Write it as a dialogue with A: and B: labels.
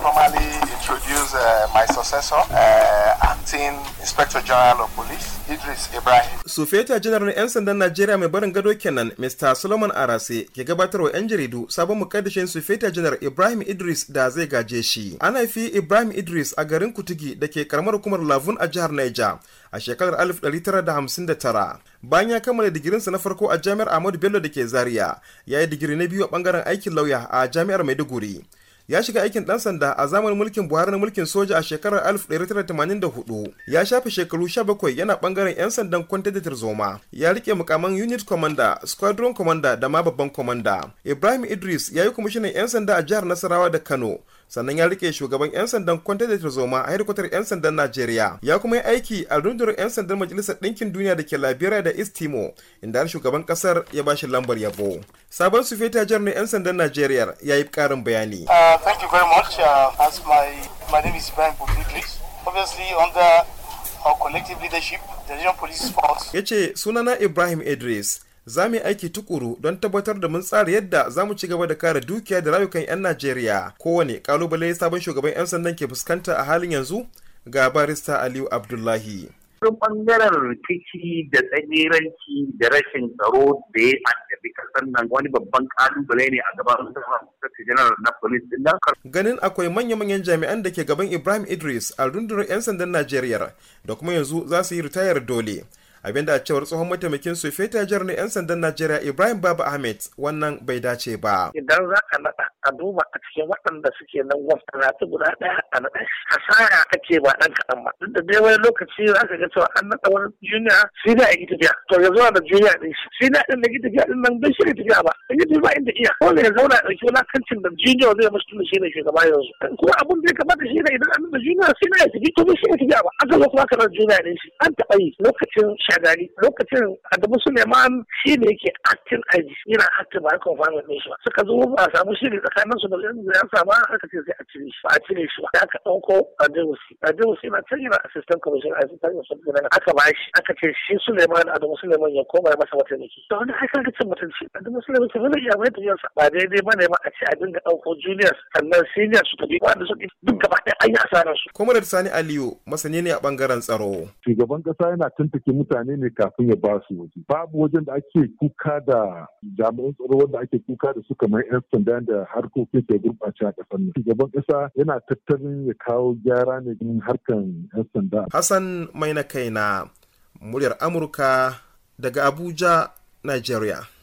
A: formally introduce uh, my successor, uh, acting Inspector General of Police, Sufeta Janar na 'yan sandan Najeriya mai barin gado kenan, Mr. Solomon Arase, ke gabatarwa 'yan jaridu sabon mukaddashin Sufeta Janar Ibrahim Idris da zai gaje shi. An haifi Ibrahim Idris a garin Kutigi da ke karamar hukumar Lavun a jihar Niger a shekarar 1959. Bayan ya kammala digirinsa na farko a Jami'ar Ahmadu Bello da ke Zaria, ya yi digiri na biyu a bangaren aikin lauya a Jami'ar Maiduguri. ya shiga aikin ɗan sanda a zamanin mulkin Buhari na mulkin soja a shekarar 1984. Ya shafe shekaru 17 yana bangaren 'yan sandan kwantar da tarzoma. Ya rike mukaman Unit Commander, Squadron Commander da ma babban Commander. Ibrahim Idris ya yi kwamishinan 'yan sanda a jihar Nasarawa da Kano. sannan ya rike shugaban 'yan sandan kwanta da tarzoma a hedikwatar 'yan sandan najeriya ya kuma yi aiki a rundunar 'yan sandan majalisar ɗinkin duniya da ke labira da istimo inda har shugaban ƙasar ya bashi lambar yabo sabon sufeta jar na 'yan sandan najeriya ya yi ƙarin bayani Obviously, under our collective leadership, the police Ya ce sunana Ibrahim Idris, za mu yi aiki tukuru don tabbatar da mun tsara yadda za mu ci gaba da kare dukiya da rayukan 'yan Najeriya. Kowane kalubale sabon shugaban 'yan sandan ke fuskanta a halin yanzu ga barista Aliyu Abdullahi. Wani bangaren rikici
B: da tsagiranci da rashin tsaro da ya addabi kasar nan wani babban kalubale ne a gaban Sarki Janar na Polis din
A: Ganin akwai manya-manyan jami'an da ke gaban Ibrahim Idris a rundunar 'yan sandan Najeriya da kuma yanzu za su yi ritayar dole. Abin dacewar cewar tsohon mataimakin su feta jar na 'yan sandan najeriya ibrahim baba ahmed wannan bai dace ba
B: idan za ka naɗa a duba a cikin waɗanda suke nan gwamnati guda ɗaya a naɗa hasara ake ba ɗan kaɗan ba duk da dai wani lokaci za ka ga cewa an naɗa wani junior sina ya ki tafiya to yanzu da juniya ɗin shi sina ɗin da ki tafiya ɗin nan bai shirya tafiya ba yanzu ba inda iya dole ya zauna ɗauki wulakancin da junior zai masu tunda shi ne shugaba yanzu kuma abin da ya kamata shi ne idan an da junior sai na ya tafi to shi ne tafi ba aka zo kuma karar junior ne shi an taɓa yi lokacin shagari lokacin adamu suleiman shi ne yake acting IG yana acting ba kan fara ne shi ba suka zo ba a samu shiri tsakanin su da ya samu aka ce sai a cire shi ba a cire shi ba aka ɗauko adewusi adewusi na can yana assistant commissioner assistant commissioner aka ba shi aka ce shi suleiman adamu suleiman ya koma masa mataimaki to wani haka ka ce mutunci adamu suleiman wani ya mai ba daidai bane ma a ce a dinga ɗauko juniors sannan seniors su tafi da suke duk
A: gaba ɗaya an yi asarar su. da Sani Aliyu masani ne a bangaren tsaro. Shugaban ƙasa yana tuntuke mutane ne kafin ya ba su waje. Babu wajen da ake kuka da
B: jami'an tsaro wanda ake kuka da su kamar 'yan sanda da harkokin ke gurɓace a ƙasar nan. Shugaban
A: ƙasa yana tattalin ya kawo gyara ne in harkan 'yan sanda. Hassan mai kai na muryar Amurka daga Abuja, Nigeria.